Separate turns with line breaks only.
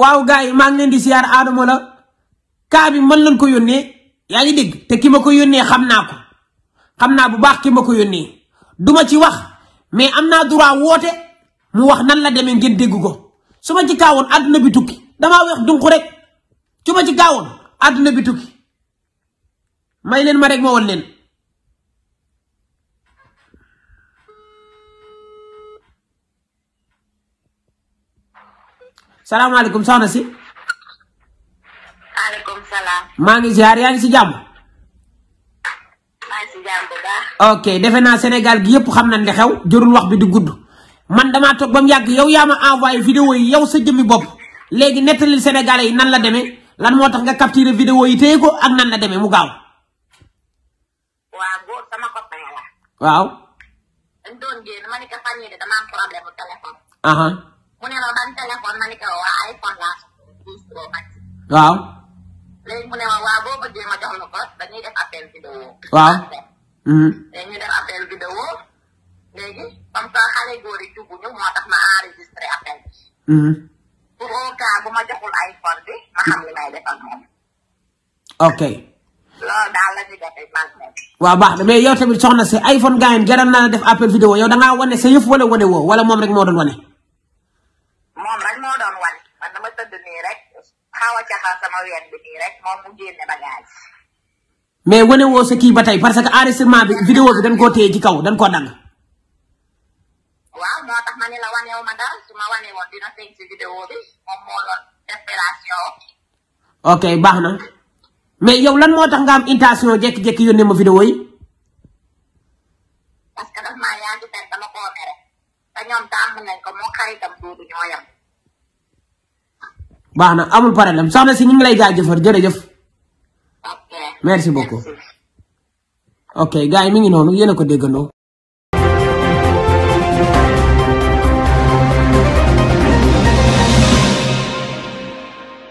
waaw gars yi maa ngi leen di siyaar Adamo la kaa bi mën lañ ko yónnee yaa ngi dégg te ki ma ko yónnee xam naa ko xam naa bu baax ki ma ko yónnee duma ci wax mais am naa droit woote mu wax nan la demee ngeen déggu ko su ma ci kaawoon àdduna bi tukki damaa weex dunq rek su ma ci kaawoon àdduna bi tukki may leen ma rek ma won leen salaamaaleykum soxna si. maaleykum salaam. maa ngi ziar yaa ngi si jàmm. ok defe naa Sénégal gi yëpp xam nañ ne xew jërul wax bi di gudd man damaa toog ba mu yàgg yow yaa ma envoyé vidéo yi yow sa jëmmi bopp léegi nettalil Sénégalais yi nan la demee lan moo tax nga capturé vidéo yi téye ko ak nan la demee mu gaaw. waaw góor
mu ne ma ban téléphone ma ne ko waaw. léegi mu ne waa boo bëggee ma jox la dañuy def appel vidéo. waaw. léegi ma
bi.
pour au cas ma joxul iPhone bi ma xam li may defal moom.
ok. waaw baax na mais yow tamit soxna si iPhone gars yi naa def appel vidéo yow da wane sa yëf wala wane woo wala moom rek moo doon wane. xaawacca mais wane woo sa kii ba tey parce que enregistrement bi vidéo bi dañ koo téye kaw dañ koo dang waaw moo ok baax na mais yow lan moo tax nga am intention jékki-jékki yónnee ma vidéo yi baax na amul problème soxna si ñu ngi lay jëfar jërëjëf merci beaucoup ok gars yi mi ngi noonu yéen a ko déggandoo.